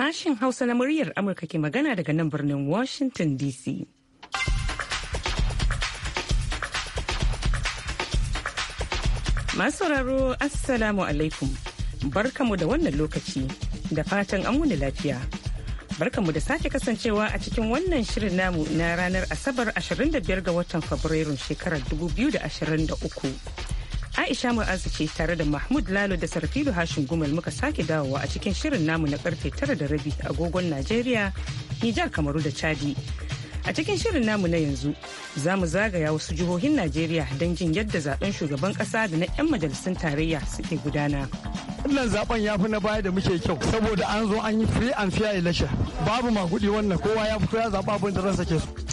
sashen Hausa na muryar Amurka ke magana daga nan birnin Washington DC. Masu sauraro Assalamu alaikum. Barkamu da wannan lokaci da fatan an lafiya. Barkamu da sake kasancewa a cikin wannan shirin namu na ranar Asabar 25 ga watan Fabrairun shekarar 2023. Aisha Mu'azu ce tare da Mahmud Lalo da Sarfilu hashin Gumal muka sake dawowa a cikin shirin namu na karfe tara da rabi a agogon Najeriya, Nijar Kamaru da Chadi. A cikin shirin namu na yanzu za mu zagaya wasu jihohin Najeriya don jin yadda zaben shugaban kasa da na 'yan majalisun tarayya suke gudana. Wannan zaben ya fi na baya da muke kyau saboda an zo an yi free and fair election. Babu magudi wannan kowa ya fito ya zaɓa abin da ransa ke so.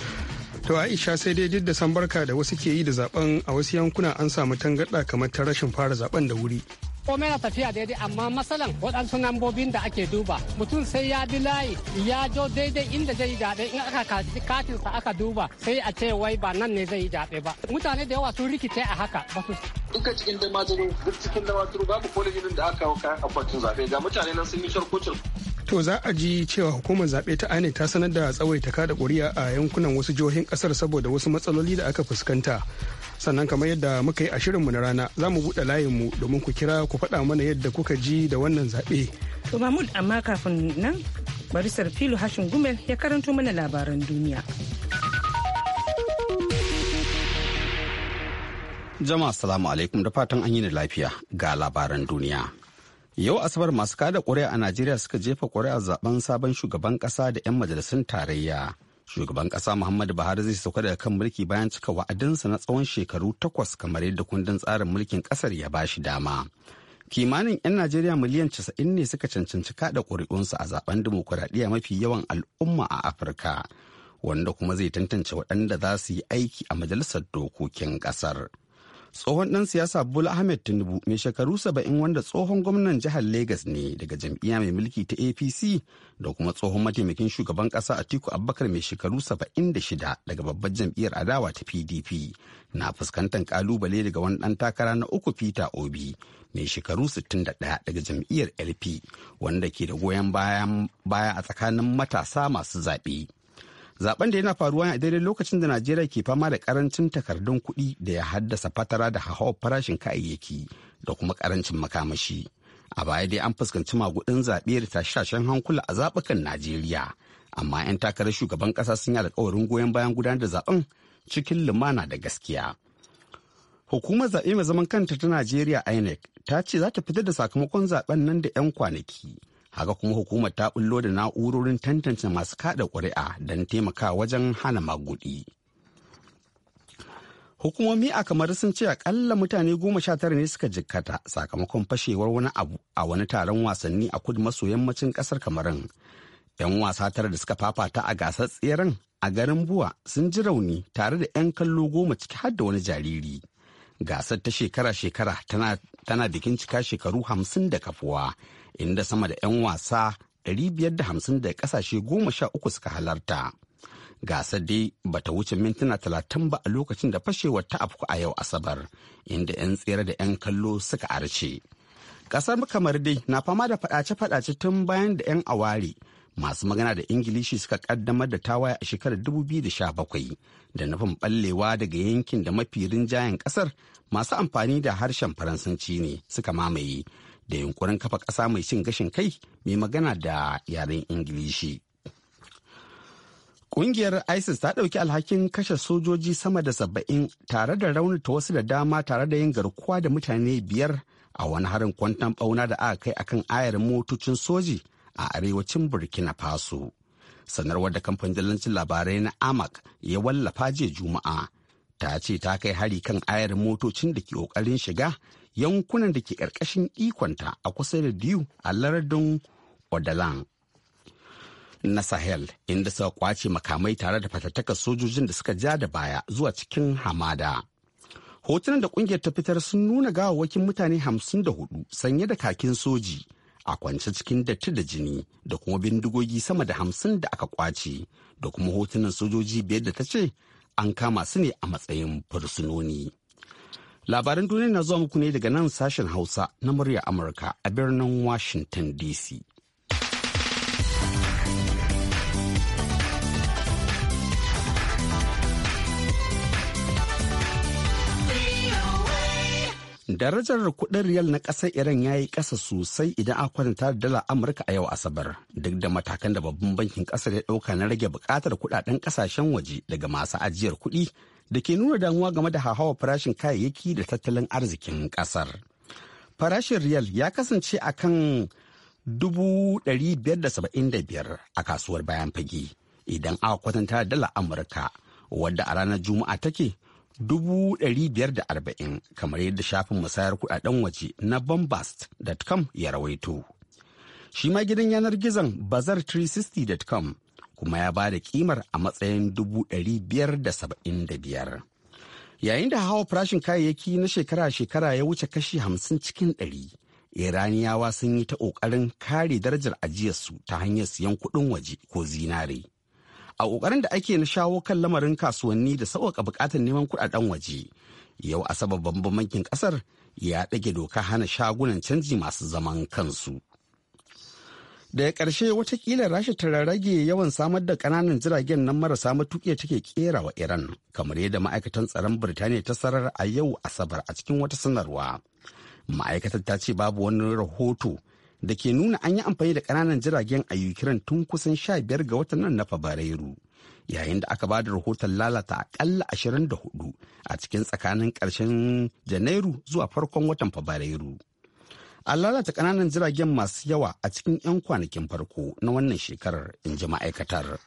To Aisha sai dai duk da san barka da wasu ke yi da zaben a wasu yankuna an samu tangarda kamar ta rashin fara zaben da wuri. komai na tafiya daidai amma matsalan waɗansu lambobin da ake duba mutum sai ya bi layi ya jo daidai inda zai yi daɗe in aka kaji katinsa aka duba sai a ce wai ba nan ne zai yi daɗe ba mutane da yawa sun rikice a haka ba su duka cikin da majiro duk cikin da babu kolejin da aka kawo kayan akwatin zaɓe ga mutane nan sun yi sharkocin To za a ji cewa hukumar zaɓe ta INEC ta sanar da ta kada ƙuri'a a yankunan wasu jihohin ƙasar saboda wasu matsaloli da aka fuskanta. Sannan kamar yadda muka yi a mu na rana za mu buɗe layinmu domin ku kira ku faɗa mana yadda kuka ji da wannan zaɓe. To Mahmud amma kafin nan barisar Filu Hashin Gumel ya karanto mana labaran duniya. Jama'a salamu alaikum da fatan an yi ni lafiya ga labaran duniya. Yau Asabar masu kada ƙuri'a a Najeriya suka jefa ƙuri'a zaben sabon shugaban ƙasa da 'yan majalisun tarayya. Shugaban ƙasa Muhammadu Buhari zai sauka daga kan mulki bayan cika wa'adinsa na tsawon shekaru takwas kamar yadda kundin tsarin mulkin ƙasar ya ba shi dama. Kimanin 'yan Najeriya miliyan casa'in ne suka cancanci kada ƙuri'unsa a zaben dimokuraɗiyya mafi yawan al'umma a Afirka, wanda kuma zai tantance waɗanda za su yi aiki a majalisar dokokin ƙasar. tsohon ɗan siyasa bola ahmed tinubu mai shekaru saba'in wanda tsohon gwamnan jihar Legas ne daga jam'iyya mai mulki ta apc da kuma tsohon mataimakin shugaban ƙasa tiku abubakar mai shekaru saba'in da shida daga babbar jam'iyyar adawa ta pdp na fuskantar ƙalubale daga wani ɗan takara na uku peter obi mai shekaru da 61 daga jam'iyyar lp wanda ke da goyon baya a tsakanin matasa masu zaɓe zaben da yana faruwa a daidai lokacin da najeriya ke fama da karancin takardun kuɗi da ya haddasa fatara da hauhawar farashin kayayyaki da kuma karancin makamashi a baya dai an fuskanci magudin zaɓe da tashashen hankula a zaɓukan najeriya amma 'yan takarar shugaban ƙasa sun yi alkawarin goyon bayan gudanar da zaben cikin lumana da gaskiya hukumar zaɓe mai zaman kanta ta najeriya inec ta ce za ta fitar da sakamakon zaben nan da 'yan kwanaki haka kuma hukumar ta bullo da na'urorin tantance masu kada ƙuri'a don taimaka wajen hana magudi hukumomi a kamar sun ce akalla mutane goma sha tara ne suka jikkata sakamakon fashewar wani abu a wani taron wasanni a kudu maso yammacin kasar kamarin yan wasa tara da suka fafata a gasar tseren a garin buwa sun ji rauni tare da yan kallo goma ciki har da wani jariri gasar ta shekara-shekara tana, bikin cika shekaru hamsin da kafuwa inda sama da 'yan wasa 550 da kasashe 13 suka halarta. Gasar dai bata wuce mintuna talatin ba a lokacin da fashewar ta afku a yau Asabar, inda 'yan tsere da 'yan kallo suka arce. Kasar kamar dai na fama da fadace-fadace tun bayan da 'yan aware masu magana da ingilishi suka kaddamar da tawaye a shekarar 2017 da nufin ballewa daga yankin da mafi rinjayen kasar masu amfani da harshen faransanci ne suka mamaye da yunkurin kafa ƙasa mai cin gashin kai mai magana da yaren ingilishi Ƙungiyar ISIS ta ɗauki alhakin kashe sojoji sama da saba'in tare da raunata wasu da dama tare da yin garkuwa da mutane biyar a wani harin kwantan ɓauna da aka kai akan ayar motocin soji a arewacin Burkina Faso. Sanarwar da kamfanin dalancin labarai na Amak ya wallafa jiya Juma'a ta ce ta kai hari kan ayar motocin da ke ƙoƙarin shiga yankunan da ke ƙarƙashin ikonta a kusa da diyu a lardin odalan na sahel inda suka kwace makamai tare da fatattakar sojojin da suka ja da baya zuwa cikin hamada hotunan da kungiyar ta fitar sun nuna gawawwakin mutane hamsin da hudu sanye da kakin soji a kwance cikin datti da jini da kuma bindigogi sama da hamsin da aka kwace da kuma hotunan sojoji biyar da ta ce an kama su ne a matsayin fursunoni Labaran duniya na zuwa muku ne daga nan sashen Hausa na murya Amurka a birnin Washington DC. Darajar kudin riyal na kasar Iran ya yi kasa sosai idan aka kwatanta da dalar Amurka a yau Asabar, duk da matakan da babban bankin kasar ya dauka na rage bukatar kudaden kasashen waje daga masu ajiyar kuɗi da ke nuna damuwa game da hauhawar farashin kayayyaki da tattalin arzikin kasar. Farashin riyal ya kasance a kan 575 a kasuwar bayan fage idan aka kwatanta da dalar Amurka, wadda a ranar Juma'a take 540 kamar yadda shafin musayar kudaden waje na bombast.com ya rawaito. Shi ma gidan yanar gizon bazar360.com kuma ya ba da kimar a matsayin 575. Yayin da hawa farashin kayayyaki na shekara-shekara ya wuce kashi hamsin cikin ɗari, Iraniyawa sun yi ta ƙoƙarin kare darajar ajiyarsu ta hanyar siyan kuɗin waje ko zinare. a ƙoƙarin da ake na shawo kan lamarin kasuwanni da sauƙaƙa buƙatar neman kuɗaɗen waje yau asabar babban bankin ƙasar ya ɗage doka hana shagunan canji masu zaman kansu daga ƙarshe watakila rasha ta rage yawan samar da ƙananan jiragen nan marasa matuƙi take ƙera wa iran kamar yadda ma'aikatan tsaron birtaniya ta sarar a yau asabar a cikin wata sanarwa ma'aikatar ta ce babu wani rahoto da ke nuna an yi amfani da ƙananan jiragen a Ukraine tun kusan sha biyar ga watan nan na Fabrairu. Yayin da aka ba da rahoton lalata akalla hudu a cikin tsakanin ƙarshen Janairu zuwa farkon watan Fabrairu. An lalata ƙananan jiragen masu yawa a cikin 'yan kwanakin farko na wannan shekarar, in ji ma'aikatar.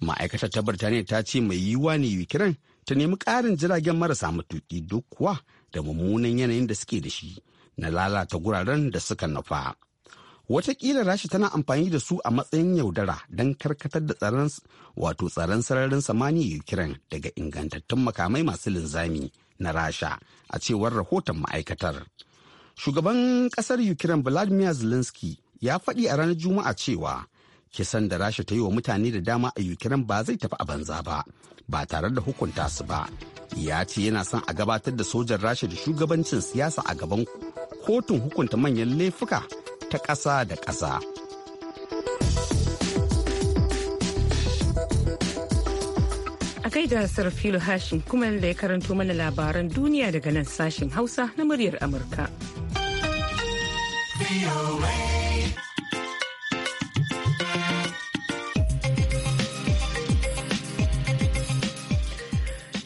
Ma'aikatar ta Birtaniya ta ce mai yiwuwa ne Ukraine ta nemi ƙarin jiragen marasa matuƙi duk kuwa da mummunan yanayin da suke da shi na lalata guraren da suka nufa. Wataƙila Rashi tana amfani da su a matsayin yaudara don karkatar da tsaron wato tsaron sararin samaniya Ukraine daga ingantattun makamai masu linzami na Rasha a cewar rahoton ma'aikatar. Shugaban ƙasar Ukraine Vladimir Zelensky ya faɗi a ranar Juma'a cewa kisan da rasha ta yi wa mutane da dama a ukraine ba zai tafi a banza ba ba tare da hukunta su ba ya ce yana son a gabatar da sojan rasha da shugabancin siyasa a gaban kotun hukunta manyan laifuka ta ƙasa da ƙasa a gaida filo hashin kuma da ya karanto mana labaran duniya daga nan sashen hausa na muryar amurka.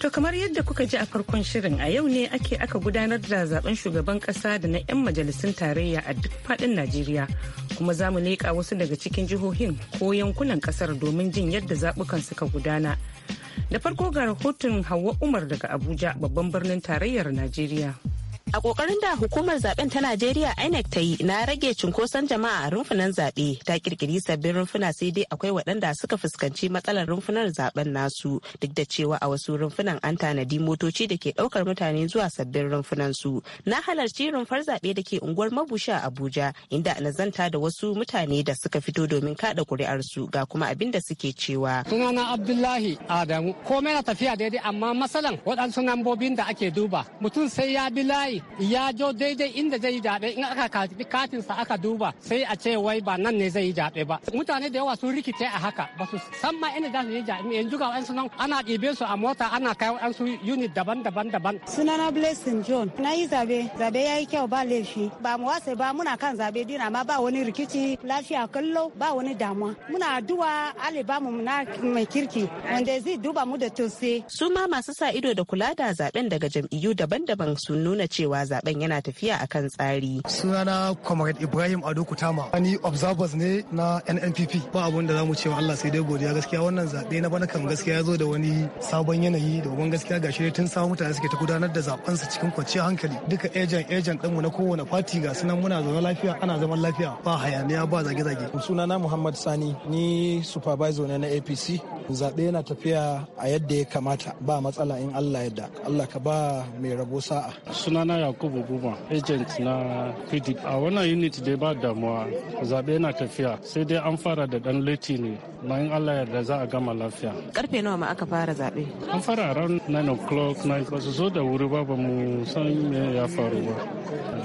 To kamar yadda kuka ji a farkon shirin a yau ne ake aka gudanar da zaben shugaban kasa da na 'yan majalisun tarayya a duk fadin Najeriya. Kuma za mu leƙa wasu daga cikin jihohin ko yankunan kasar domin jin yadda zaɓukan suka gudana. Da farko ga rahoton Hauwa Umar daga Abuja babban birnin tarayyar Najeriya. A kokarin da hukumar zaben ta Najeriya INEC ta yi na rage cunkoson jama'a a rumfunan zaɓe ta kirkiri sabbin rumfuna sai dai akwai waɗanda suka fuskanci matsalar rumfunar zaben nasu duk da cewa a wasu rumfunan an tanadi motoci da ke ɗaukar mutane zuwa sabbin rumfunan su. Na halarci rumfar zaɓe da ke unguwar Mabusha Abuja inda na zanta da wasu mutane da suka fito domin kada ƙuri'arsu ga kuma abin da suke cewa. Sunana Abdullahi Adamu komai na tafiya daidai amma matsalan waɗansu nambobin da ake duba mutum sai ya bi layi ya jo daidai inda zai yi zaɓe in aka karbi katinsa aka duba sai a ce wai ba nan ne zai yi zaɓe ba mutane da yawa sun rikice a haka ba su san ma inda za su yi zaɓe yanzu ga wa'ansu nan ana ɗibe su a mota ana kai wa'ansu unit daban-daban daban. sunana blessing john na yi zaɓe zaɓe ya yi kyau ba laifi ba mu wase ba muna kan zaɓe dina ma ba wani rikici lafiya kallo ba wani damuwa muna duwa ale ba mu na mai kirki wanda zai duba mu da tose. su ma masu sa ido da kula da zaɓen daga jam'iyyu daban-daban sun nuna cewa cewa zaben yana tafiya a kan tsari. Sunana Comrade Ibrahim Ado Kutama, wani observers ne na NNPP. Ba abun da za mu cewa Allah sai dai godiya gaskiya wannan zaɓe na bana kan gaskiya ya zo da wani sabon yanayi da domin gaskiya gashi tun samun mutane suke ta gudanar da zaben su cikin kwanciyar hankali. Duka ejen ejen ɗinmu na kowane fati ga sunan muna zaune lafiya ana zaman lafiya ba hayaniya ba zage-zage. Sunana Muhammad Sani ni supervisor ne na APC. Zaɓe yana tafiya a yadda ya kamata ba matsala in Allah yadda. Allah ka ba mai rabo sa'a. Sunana sunana yakubu buba agent na pdp a wannan unit dai ba damuwa zaɓe na tafiya sai dai an fara da dan leti ne bayan allah yarda za a gama lafiya karfe nawa ma aka fara zaɓe an fara around 9 o'clock 9 ba su zo da wuri ba ba mu san me ya faru ba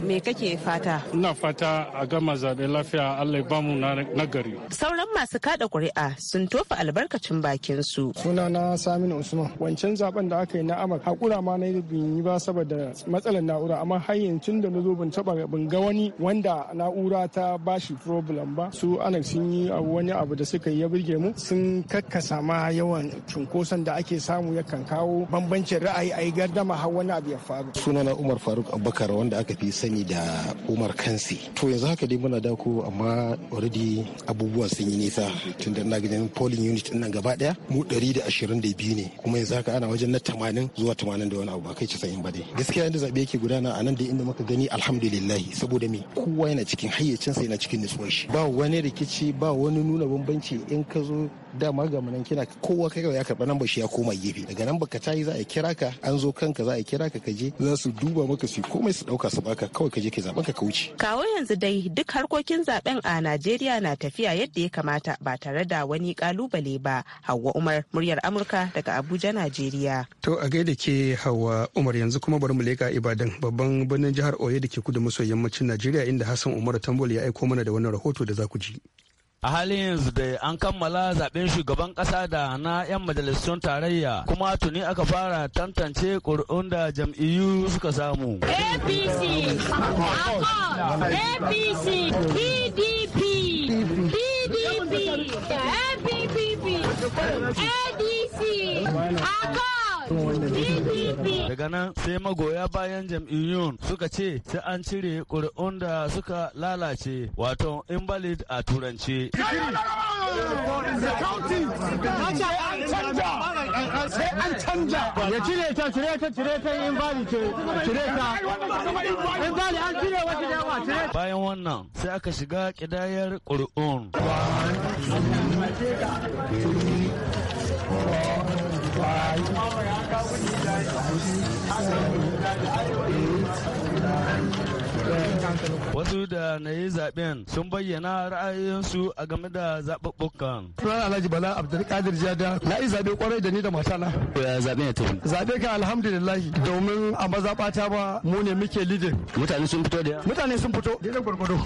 me kake fata ina fata a gama zaɓe lafiya allah ba mu na gari sauran masu kada ƙuri'a sun tofa albarkacin bakin su sunana saminu usman wancan zaben da aka yi na amak hakura ma na yi ba saboda matsalar na na'ura amma har yanzu da na zo ban taba ban ga wani wanda na'ura ta bashi problem ba su ana sun yi wani abu da suka yi ya burge mu sun kakkasa ma yawan cunkoson da ake samu ya kan kawo bambancin ra'ayi a gardama har wani abu ya faru sunana Umar Faruk Abubakar wanda aka fi sani da Umar Kansi to yanzu haka dai muna dako amma already abubuwa sun yi nisa tunda ina ganin polling unit din nan gaba daya mu 122 ne kuma yanzu haka ana wajen na 80 zuwa 80 da wani abu ba kai 90 ba dai gaskiya inda zabe yake gudana a nan da inda muka gani alhamdulillah saboda me kowa yana cikin hayyacinsa yana cikin nutsuwar shi ba wani rikici ba wani nuna bambanci in ka zo dama ga munan kina kowa kai ya karba nan shi ya koma gefe daga nan baka tayi za a kira ka an zo kanka za a kira ka kaje za su duba maka su komai su dauka su baka kawai kaje kai zaben ka ka wuce kawo yanzu dai duk harkokin zaben a Najeriya na tafiya yadda ya kamata ba tare da wani kalubale ba Hauwa Umar muryar Amurka daga Abuja Najeriya to a gaida ke Hauwa Umar yanzu kuma bari mu leka Ibadan babban birnin jihar Oyo da ke kudu maso yammacin Najeriya inda Hassan Umar Tambol ya aiko mana da wani rahoto da za ku ji. A halin yanzu dai an kammala zaben shugaban kasa da na 'yan majalisun tarayya kuma tuni aka fara tantance ƙuri'un da jam'iyyu suka samu. APC, APC, PDP, PDP, ADC, Daga nan sai magoya bayan jam'iyyun suka ce sai an cire ƙuri'un da suka lalace wato invalid a turance. sai an canja ya cire ta cire ta cire ta in bali ce cire ta in an cire wata dawa cire bayan wannan sai aka shiga kidayar ƙuri'un Thank you. Wasu da na yi zaben sun bayyana ra'ayoyinsu a game da zaɓuɓɓukan. Sunan Alhaji Bala Abdulkadir Jada na yi zaɓe kwarai da ni da matana. Zaɓe ya tafi. Zaɓe ka alhamdulillah domin a mazaɓata ba mu ne muke lidin. Mutane sun fito da Mutane sun fito daidai gwargwado.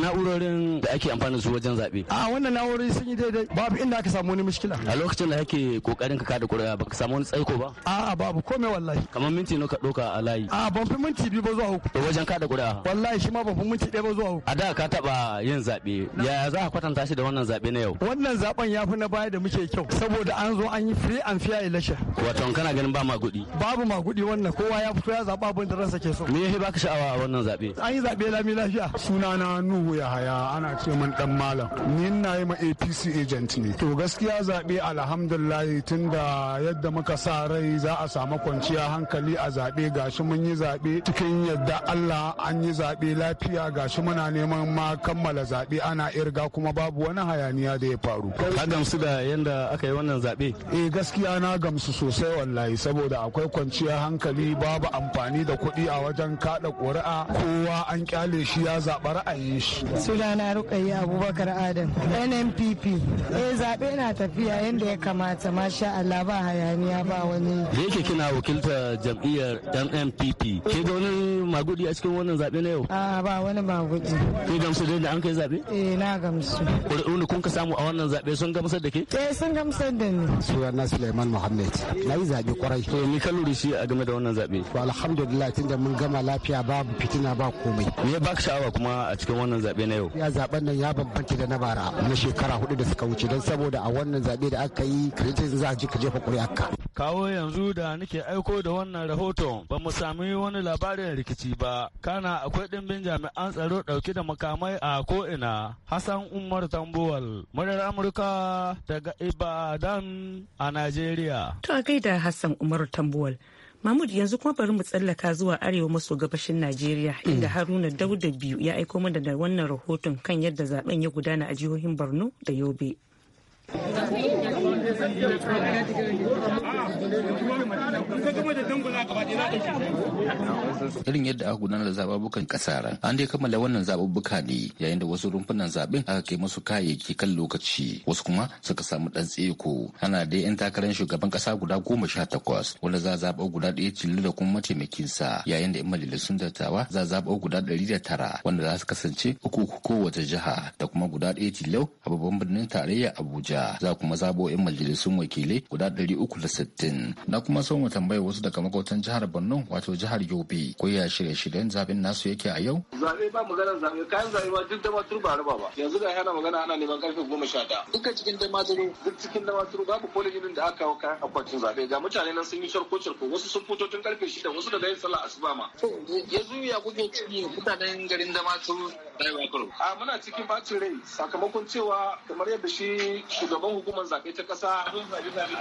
Na'urorin da ake amfani su wajen zaɓe. A wannan na'urori sun yi daidai babu inda aka samu wani mashkila. A lokacin da kake kokarin ka kada kuri'a ka samu wani tsaiko ba? A'a babu komai wallahi. Kamar minti nawa ka ɗauka a layi. A'a ban fi minti biyu ba zuwa uku. Wajen kada kuri'a. wallahi shi ma ba minti ɗaya ba zuwa a da ka taba yin zaɓe yaya za a kwatanta shi da wannan zaɓe na yau wannan zaben ya fi na baya da muke kyau saboda an zo an yi free and fair election wato kana ganin ba magudi babu magudi wannan kowa ya fito ya zaba abin da ransa ke so me yake baka sha'awa a wannan zaɓe an yi zaɓe lami lafiya sunana nuhu ya haya ana ce min dan malam ni na yi ma apc agent ne to gaskiya zaɓe alhamdulillah tunda yadda muka sa rai za a samu kwanciya hankali a zabe gashi mun yi zabe cikin yadda Allah an yi zaɓe lafiya ga shi muna neman ma kammala zaɓe ana irga kuma babu wani hayaniya da ya faru. Ka gamsu da yadda aka yi wannan zaɓe? Eh gaskiya na gamsu sosai wallahi saboda akwai kwanciyar hankali babu amfani da kuɗi a wajen kaɗa ƙuri'a kowa an kyale shi ya zaɓa ra'ayin shi. Sunana Rukayya Abubakar Adam NNPP. Eh zaɓe na tafiya yadda ya kamata masha Allah ba hayaniya ba wani. Da yake kina wakilta jam'iyyar NNPP. Ke ga wani magudi a cikin wannan zaɓe na yau? A ah, ba wani ba guji. kai gamsu da an kai zaɓe? Eh na gamsu. Ƙuri'un kun ka samu a wannan zaɓe sun gamsar da ke? Eh sun gamsar da ni. Sunana Suleiman Muhammad. Na yi zaɓe kwarai. To ni ka lura shi a game da wannan zaɓe? To alhamdulillah da mun gama lafiya babu fitina ba komai. Me ya baka sha'awa kuma a cikin wannan zaɓe na yau? Ya zaɓen nan ya bambanta da na bara na shekara hudu da suka wuce don saboda a wannan zaɓe da aka yi kiritin za a ji ka jefa ƙuri'arka. kawo yanzu da nake aiko da wannan rahoton ba mu sami wani labarin rikici ba kana akwai ɗimbin jami'an tsaro ɗauke da makamai a ko'ina hassan umar tambuwal murar amurka daga ibadan a najeriya to a gaida hassan umar tambuwal Mahmud yanzu kuma bari mu tsallaka zuwa arewa maso gabashin Najeriya hmm. inda Haruna Dauda biyu ya aiko mana da wannan rahoton kan yadda zaben ya gudana a jihohin Borno da Yobe. irin yadda aka gudanar da zababukan kasar an dai kammala wannan zababuka ne yayin da wasu rumfunan zaben aka kai musu kayayyaki kan lokaci wasu kuma suka samu dan tseko ana dai yan takarar shugaban kasa guda goma sha takwas wanda za zaɓa guda ɗaya cilli da kuma sa yayin da yan majalisun dattawa za zaɓa guda ɗari da tara wanda za su kasance uku kowace jiha da kuma guda ɗaya tilau a babban birnin tarayya abuja za kuma zabo 'yan majalisun wakilai guda uku da sittin. Na kuma so mu tambaye wasu daga makwabtan jihar Borno wato jihar Yobe ko ya shirye-shiryen zaben nasu yake a yau. Zabe ba magana zabe kayan zabe ba duk da ma turba raba ba. Yanzu ga yana magana ana neman karfe 11. Duka cikin da duk cikin da maturu babu kolejin da aka kawo kayan akwatin zabe ga mutane nan sun yi sharko sharko wasu sun fito tun karfe 6 wasu daga yin sallah asuba ma. Yanzu ya kuke ciki mutanen garin da maturu. A muna cikin bacin rai sakamakon cewa kamar yadda shi shugaban hukumar zaɓe ta ƙasa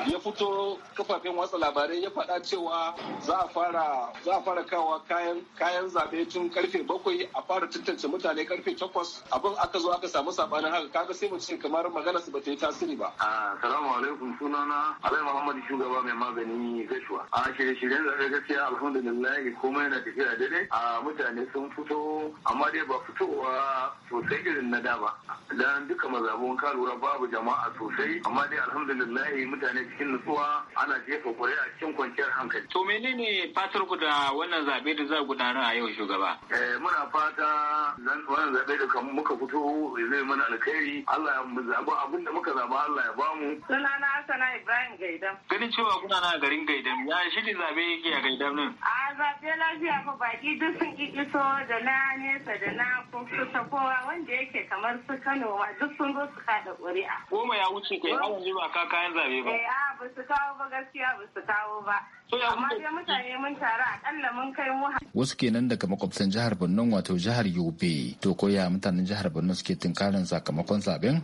ya fito kafafen watsa labarai ya faɗa cewa za a fara za a fara kawa kayan kayan zaɓe tun karfe bakwai a fara tantance mutane karfe takwas abin aka zo aka samu sabanin haka kaga sai mu ce kamar magana su ba ta yi tasiri ba. Ah, salamu alaikum sunana Alai Muhammad shugaba mai magani gashuwa. A shirye-shiryen zaɓe gaskiya alhamdulillah komai yana tafiya daidai a ah, mutane sun fito amma dai ba fitowa sosai irin na da ba. Dan duka mazabun ka lura babu jama'a sosai amma dai alhamdulillah mutane cikin nutsuwa ana jefa a cikin kwanciyar hankali. To menene fatar ku da wannan zabe da za gudanar a yau shugaba? Eh, muna fata wannan zabe da muka fito zai mana alkhairi Allah ya zaba abin da muka zaba Allah ya bamu. Sunana Hassana Ibrahim Gaidan. Ganin cewa kuna na garin Gaidan ya shi ne zabe yake a Gaidan nan. A zabe lafiya ko baki duk sun kikiso da na nesa da na kusa kowa wanda yake kamar su Kano duk sun zo su kaɗa ƙuri'a. ya wuce kai an yanzu ba ka kayan zabe ba eh a ba su kawo ba gaskiya ba su kawo ba amma dai mutane mun taru mun kai wasu kenan daga makwabtan jihar Borno wato jihar Yobe to koya mutanen jihar Borno suke tunkarin sakamakon zaben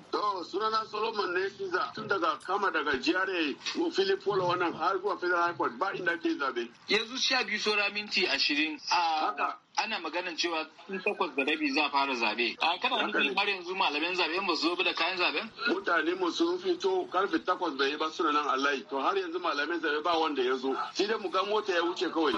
sunana Solomon ne Kiza tun daga kama daga jihare Philip Polo wannan har zuwa Federal High Court ba inda ke zabe yanzu sha biyu saura minti ashirin a ana maganin cewa tun takwas da rabi za fara zabe. A kana nufin har yanzu malamin zabe ba su zo da kayan zaben? Mutane mu sun fito karfe takwas da yi ba suna nan Allah to har yanzu malamin zabe ba wanda ya zo. sai dai mu ga mota ya wuce kawai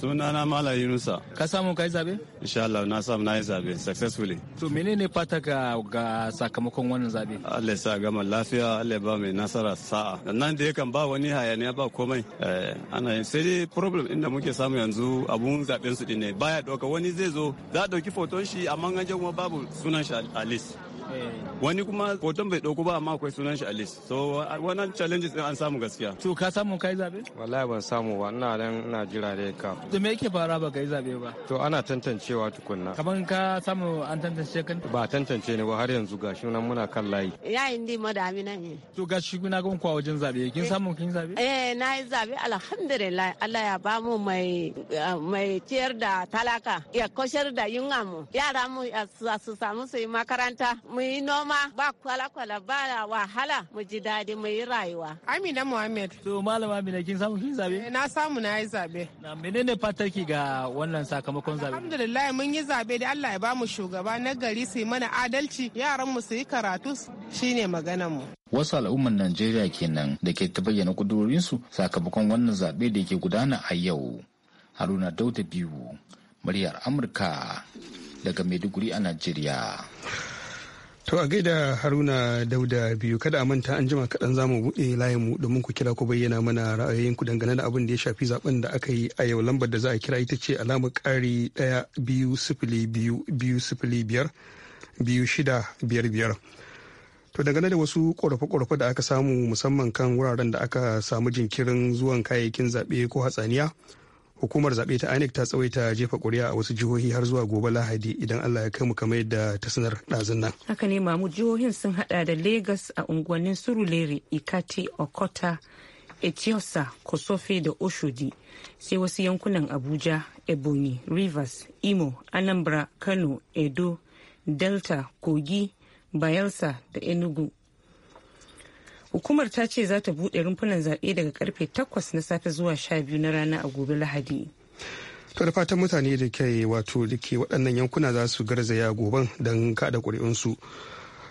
sunana mala yunusa ka samu kai zabe insha Allah na samu na yi zabe successfully to menene fata ga ga sakamakon wannan zabe Allah ya sa gama lafiya Allah ya ba mai nasara sa'a nan da yakan ba wani hayaniya ba komai eh, ana sai dai problem inda muke samu yanzu abun zaben su din ne baya dauka wani zai zo za a dauki foton shi amma an kuma babu sunan shi a Eh. wani kuma hoton bai dauko ba amma akwai sunan shi a list so wannan challenges din an samu gaskiya to ka samu kai zabe wallahi ban samu ba ina nan ina jira da ka to me yake fara ba kai zabe ba to ana tantancewa tukunna kaman ka samu an tantance kan ba tantance ne ba har yanzu gashi nan muna kan layi yayin indi madami nan ne to gashi kuna gon kwa wajen zabe kin eh. samu kin zabe eh na yi zabe alhamdulillah Allah ya ba mu mai eh, mai ciyar da talaka ya koshar da yunwa mu yara mu su samu su yi makaranta mu mu yi noma ba kwala-kwala ba wahala mu ji daɗi mu yi rayuwa. Amina Muhammad. To malama Amina kin samu kin zabe? Eh, na samu na yi zabe. Na menene fatarki ga wannan sakamakon zabe? Alhamdulillah mun yi zabe da Allah ya ba mu shugaba na gari su yi mana adalci yaran mu su yi karatu shine maganar mu. Wasu al'umman Najeriya kenan da ke ta bayyana kudurorinsu sakamakon wannan zabe da ke gudana a yau. Haruna Dauda biyu muryar Amurka daga Maiduguri a Najeriya. To a gaida Haruna Dauda biyu kada a manta an jima kaɗan zamu buɗe layin mu domin ku kira ku bayyana mana ra'ayoyinku dangane da abin da ya shafi zaben da aka yi a yau lambar da za a kira ita ce alamar ƙari ɗaya biyu sifili biyu biyu sifili biyar biyu shida biyar biyar. To dangane da wasu ƙorafe-ƙorafe da aka samu musamman kan wuraren da aka samu jinkirin zuwan kayayyakin zaɓe ko hatsaniya hukumar zaɓe ta inec ta tsawaita jefa ƙuri'a a wasu jihohi har zuwa gobe lahadi idan allah ya kai mu kamar yadda ta sanar ɗazun nan haka ne mamu jihohin sun hada da lagos a unguwannin surulere ikati okota etiosa kosofe da oshodi sai wasu yankunan abuja ebonyi rivers imo anambra kano edo delta kogi bayelsa da enugu Hukumar ta ce za ta buɗe rumfunan zaɓe daga karfe 8 na safe zuwa 12 na rana a gobe Lahadi. To da fatan mutane da ke wato da ke waɗannan yankuna za su garzaya goban don kada ƙuri'unsu. su.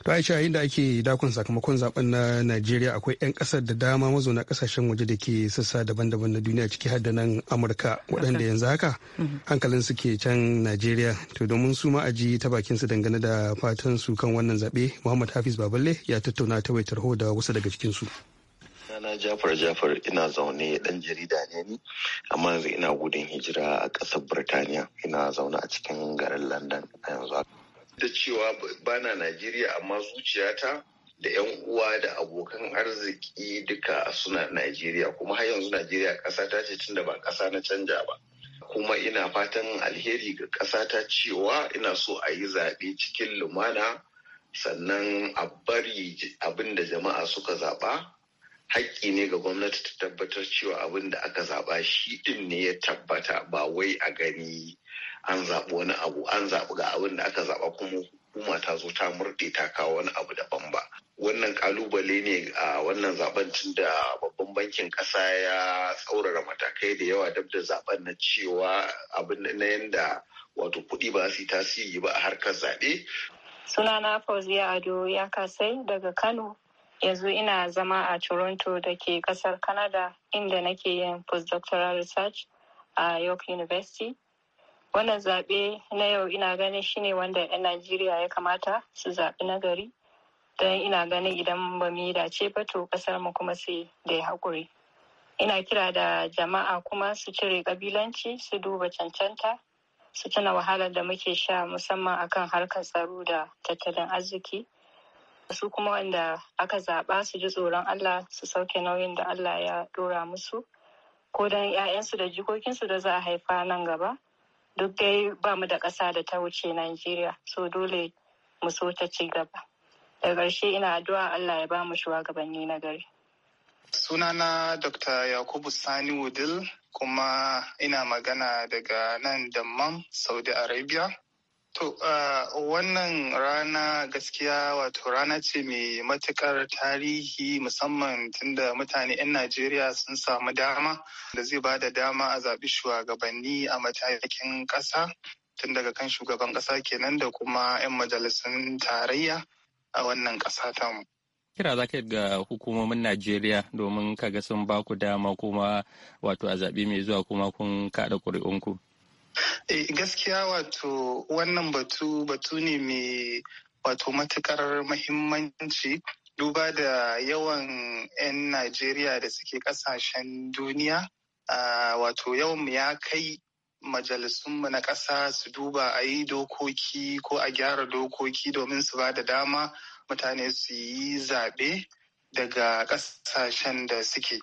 to aisha yayin da ake dakon sakamakon zaben na najeriya akwai 'yan kasar da dama mazauna kasashen waje da ke sassa daban-daban na duniya ciki har da nan amurka waɗanda yanzu haka hankalin su ke can najeriya to domin su ma aji ta bakin su dangane da fatan su kan wannan zaɓe muhammad hafiz baballe ya tattauna ta waitar da wasu daga cikin su na Jafar Jafar ina zaune dan jarida ne ni amma yanzu ina gudun hijira a ƙasar Birtaniya ina zaune a cikin garin London a yanzu. da cewa bana Najeriya amma zuciyata da 'yan uwa da abokan arziki duka suna Najeriya kuma har yanzu Najeriya ƙasa ta ce tunda ba ƙasa na canja ba. Kuma ina fatan alheri ga ƙasa ta cewa ina so a yi zaɓe cikin lumana sannan a bari abin da jama'a suka zaɓa haƙƙi ne ga gwamnati ta tabbatar cewa abin da aka zaɓa shi ɗin ne ya tabbata ba wai a gani an zaɓi wani abu an zaɓi ga abin da aka zaɓa kuma hukuma ta zo ta murɗe ta kawo wani abu daban ba wannan kalubale ne a wannan zaben tun da babban bankin ƙasa ya tsaurara matakai da yawa dab da zaben na cewa abin na yanda wato kuɗi ba su yi tasiri ba a harkar zaɓe. sunana fauziya ado ya kasai daga kano yanzu ina zama a toronto da ke ƙasar kanada inda nake yin postdoctoral research a york university wannan zaɓe na yau ina ganin shine wanda 'yan najeriya ya kamata su zaɓi nagari gari don ina ganin idan ba mu yi dace ba to ƙasar mu kuma sai da ya haƙuri ina kira da jama'a kuma su cire kabilanci su duba cancanta su tuna wahalar da muke sha musamman akan harkar tsaro da tattalin arziki su kuma wanda aka zaɓa su ji tsoron allah su sauke nauyin da allah ya ɗora musu ko don 'ya'yansu da jikokinsu da za a haifa nan gaba duk dai ba mu da ƙasa da ta wuce Najeriya so dole mu so ta ci gaba. Da ƙarshe ina addu'a Allah ya ba mu shugabanni na gari. Sunana Dr. Yakubu Sani Wudil kuma ina magana daga nan Dammam, Saudi Arabia. To, wannan rana gaskiya wato rana ce mai matukar tarihi musamman tunda mutane 'yan Najeriya sun samu dama da zai ba da dama a zaɓi shugabanni a matakin ƙasa tun daga kan shugaban ƙasa kenan da kuma 'yan majalisun tarayya a wannan ƙasa tamu. kira za ka ga hukumomin Najeriya domin kaga sun ba ku dama kuma wato a zaɓi mai zuwa kuma kun kaɗa ƙuri'unku? Eh gaskiya wato wannan batu batu ne mai wato matukar mahimmanci duba da yawan 'yan Najeriya da suke kasashen duniya wato yawan ya kai majalisunmu na ƙasa su duba a yi dokoki ko a gyara dokoki domin su ba da dama mutane su yi zaɓe daga ƙasashen da suke.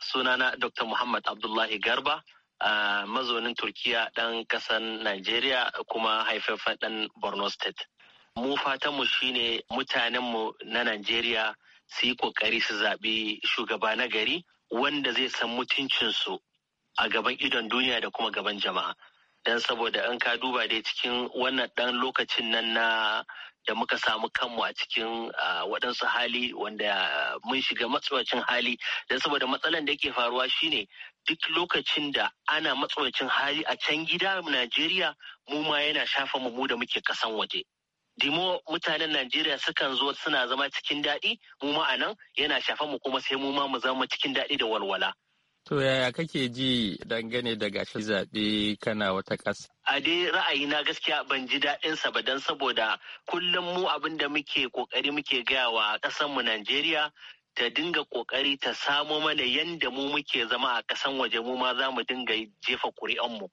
Sunana Dr. Muhammad Abdullahi Garba. A mazaunin turkiya ɗan ƙasan najeriya kuma haifafen ɗan borno state mu fatanmu shine mutanenmu na najeriya su yi ƙoƙari su zaɓi shugaba na gari wanda zai san mutuncinsu a gaban idon duniya da kuma gaban jama'a don saboda an ka duba dai cikin wannan ɗan lokacin nan na da muka samu kanmu a cikin waɗansu hali wanda mun shiga matsawacin hali don saboda matsalan da yake faruwa shine duk lokacin da ana matsawacin hali a can gida Najeriya mu ma yana shafa mu da muke kasan waje. Dimo mutanen Najeriya sukan zo suna zama cikin daɗi mu ma a nan yana shafa mu kuma sai mu ma mu zama cikin daɗi da walwala. To yaya kake ji dangane da gashin zaɓe kana wata ƙasa? A dai ra'ayi na gaskiya ban ji daɗin sa ba don saboda kullum mu abin da muke ƙoƙari muke gaya wa ƙasanmu Najeriya ta dinga kokari ta samo mana yanda mu muke zama a ƙasan waje mu ma za mu dinga jefa ƙuri'anmu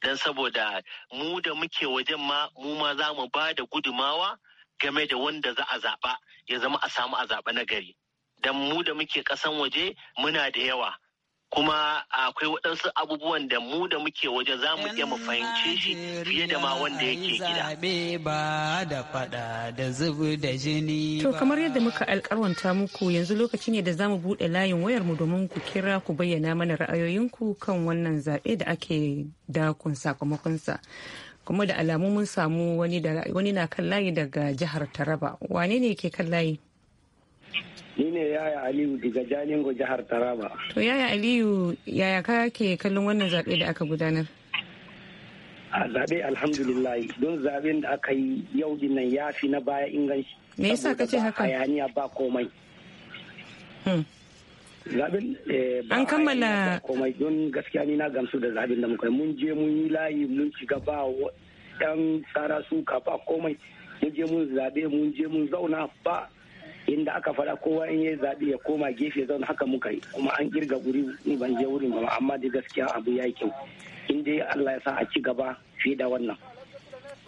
don saboda mu da muke wajen ma mu ma za mu ba da gudumawa game da wanda za a zaɓa ya zama a samu a zaɓa nagari gari don mu da muke kasan waje muna da yawa kuma akwai waɗansu abubuwan da mu da muke waje za mu iya mu fahimce shi fiye da ma wanda yake gida. ba da fada da zubu da jini To kamar yadda muka alkarwanta muku yanzu lokaci ne da za mu buɗe layin wayar mu domin ku kira ku bayyana mana ra'ayoyinku kan wannan zaɓe da ake dakon sakamakonsa. Kuma da alamu mun samu wani na kan layi daga jihar Taraba. Wane ne ke kan layi? Ni ne Yaya Aliyu daga Jalingo jihar Taraba. To Yaya Aliyu yaya ka ke kallon wannan zaɓe da aka gudanar? A zaɓe alhamdulillah don zaɓen da aka yi yau dinnan ya fi na baya inganci. Me yasa ka ce haka? Hayaniya ba komai. Hmm. zaɓin eh, an kammala komai don gaskiya ni na gamsu da zaɓin da muka mun je mun yi layi mun shiga ba ɗan tsara suka ba komai mun je mun zaɓe mun je mun zauna ba inda aka fara kowa in ya zaɓi ya koma gefe zaune haka muka yi kuma an kirga guri ni ban je wurin ba amma dai gaskiya abu ya yi kyau in dai Allah ya sa a ci gaba fiye da wannan.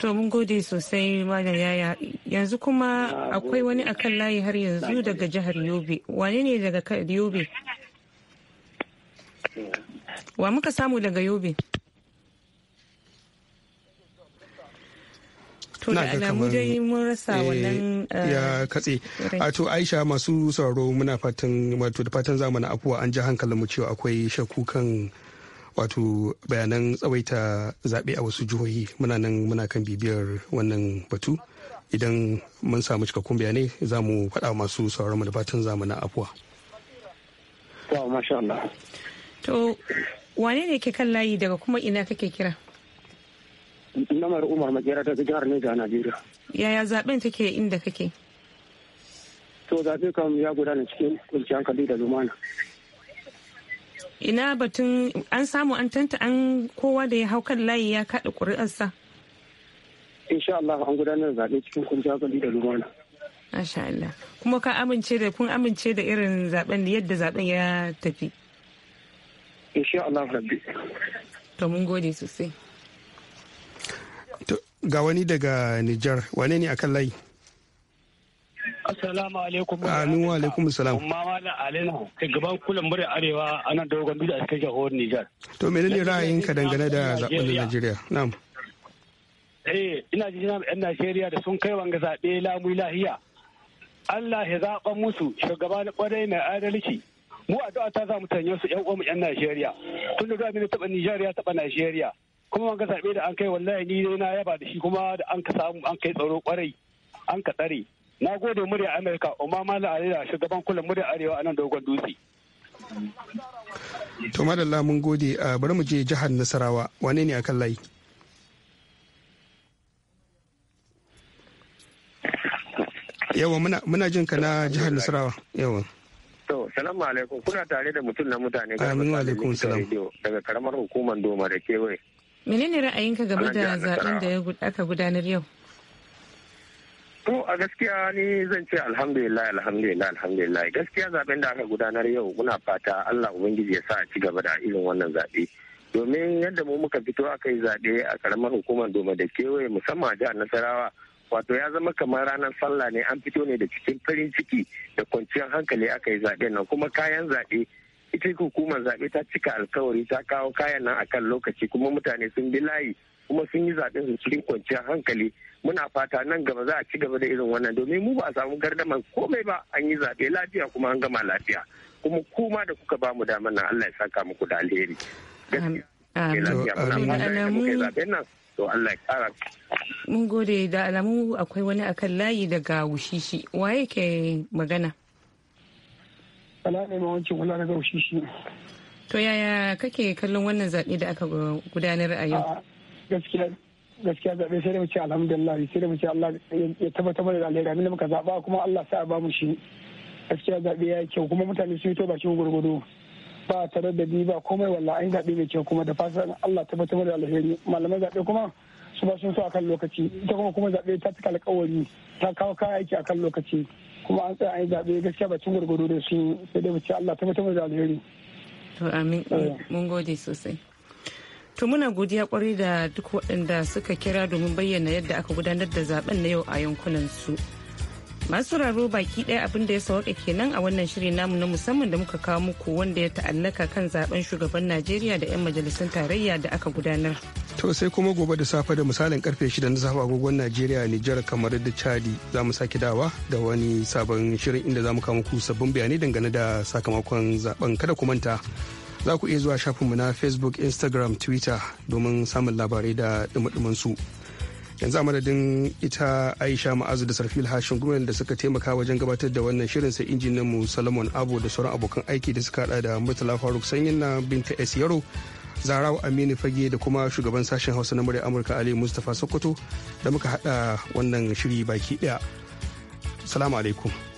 To mun gode sosai Malam Yaya yanzu kuma akwai wani akan layi har yanzu daga jihar Yobe wane ne daga Yobe? Eh. Wa muka samu daga Yobe? to da dai mun rasa eh, wannan eh, ya katse a to aisha masu sauraro muna fatan wato da fatan zamana afuwa an ji hankalin mu cewa akwai shakku kan wato bayanan tsawaita zaɓe a wasu jihohi muna nan muna kan bibiyar wannan batu idan mun samu cikakkun bayanai za mu faɗa masu sauran mu da fatan zamana afuwa. To, wane ne ke kan layi daga kuma ina kake kira? Namar Umar Makera ta jihar Niger a Najeriya. Yaya zaben take inda kake? To zaɓe kam ya gudana cikin kwanciyar kalli da lumana. Ina batun an samu an tanta an kowa da ya hau kan layi ya kaɗa ƙuri'arsa. Insha Allah an gudanar da zaɓe cikin kwanciyar kalli da lumana. Masha Allah. Kuma ka amince da kun amince da irin zaben yadda zaben ya tafi. Insha Allah rabbi. To mun gode sosai. ga wani daga Nijar wane ne akan layi? Assalamu alaikum. Amin ah, wa alaikum salam. Amma mala alina shugaban kulan mura arewa ana dogon biyu a cikin jihohar Nijar. To me ra'ayin ra'ayinka dangane da zaben da Najeriya? Na'am. Eh ina ji na yan Najeriya da sun kai wanga zaɓe lamu lahiya. Allah ya zaɓa musu shugaba na kwarai mai adalci. Mu addu'a ta za mu tanye su yan uwan yan Najeriya. Tun da da taɓa Nijar ya taɓa Najeriya. kuma wanga zaɓe da an kai wallahi ni dai na yaba da shi kuma da an ka samu an kai tsaro kwarai an ka tsare na gode murya amurka umma mala arewa shugaban kula murya arewa a nan dogon dutse to madalla mun gode bari mu je jihar nasarawa wane ne akan layi yawa muna jin ka na jihar nasarawa yawa to salamu alaikum kuna tare da mutum na mutane ga alaikum salam daga karamar hukumar doma da kewaye menene ra'ayinka game da zaben da aka gudanar yau to a gaskiya ni zan ce alhamdulillah alhamdulillah alhamdulillah gaskiya zaben da aka gudanar yau muna fata Allah ubangiji ya sa a ci gaba da irin wannan zabe domin yadda mu muka fito aka yi zaɓe a karamar hukumar doma da kewaye musamman a jihar nasarawa wato ya zama kamar ranar sallah ne an fito ne da cikin farin ciki da kwanciyar hankali aka yi zaɓe nan kuma kayan zaɓe ita hukumar zaɓe ta cika alkawari ta kawo kayan nan akan lokaci kuma mutane sun bi layi kuma sun yi zaɓen su cikin kwanciyar hankali muna fata nan gaba za a ci gaba da irin wannan domin mu ba a samu gardamar komai ba an yi zaɓe lafiya kuma an gama lafiya kuma kuma da kuka ba mu damar nan Allah ya saka muku da alheri mun gode da alamu akwai wani akan layi daga wushishi waye ke magana ana ma wancan wala na gaushi shi to yaya kake kallon wannan zaɓe da aka gudanar a yau gaskiya gaskiya zaɓe sai da mace alhamdulillah sai da mace Allah ya tabbatar mana da alheri abinda muka zaɓa kuma Allah sa ba mu shi gaskiya zaɓe ya yi kyau kuma mutane su yi to bakin gurgudu ba tare da ba komai walla an zaɓe mai kyau kuma da fasa Allah tabbatar da alheri malamai zaɓe kuma su ba sun so kan lokaci ita kuma kuma zaɓe ta fi alƙawari ta kawo kaya aiki akan lokaci kuma an tsaya an yi zaɓe gaskiya bakin gwargwado da su sai dai bace Allah ta mutum da alheri. To amin eh. mun gode sosai. To muna godiya kwarai da duk waɗanda suka kira domin bayyana yadda aka gudanar da zaben na yau a yankunan su. Masu raro baki ɗaya abin da ya sawaka kenan a wannan shiri namu na musamman da muka kawo muku wanda ya ta'allaka kan zaben shugaban Najeriya da 'yan majalisun tarayya da aka gudanar. To sai kuma gobe da safe da misalin karfe shida na safe agogon Najeriya Nijar kamar da Chadi za mu sake dawa da wani sabon shirin inda za mu kama ku sabbin bayanai dangane da sakamakon zaben kada ku manta. Za ku iya zuwa shafinmu na Facebook, Instagram, Twitter domin samun labarai da dumadumin su. Yanzu a madadin ita Aisha Ma'azu da Sarfil Hashin Gumen da suka taimaka wajen gabatar da wannan shirin sai injinin mu Solomon abu da sauran abokan aiki da suka hada da Murtala Faruk Sanyin na Binta S Yaro. zarau aminu fage da kuma shugaban sashen hausa na murya amurka ali mustapha sokoto da muka hada wannan shiri baki daya salamu alaikum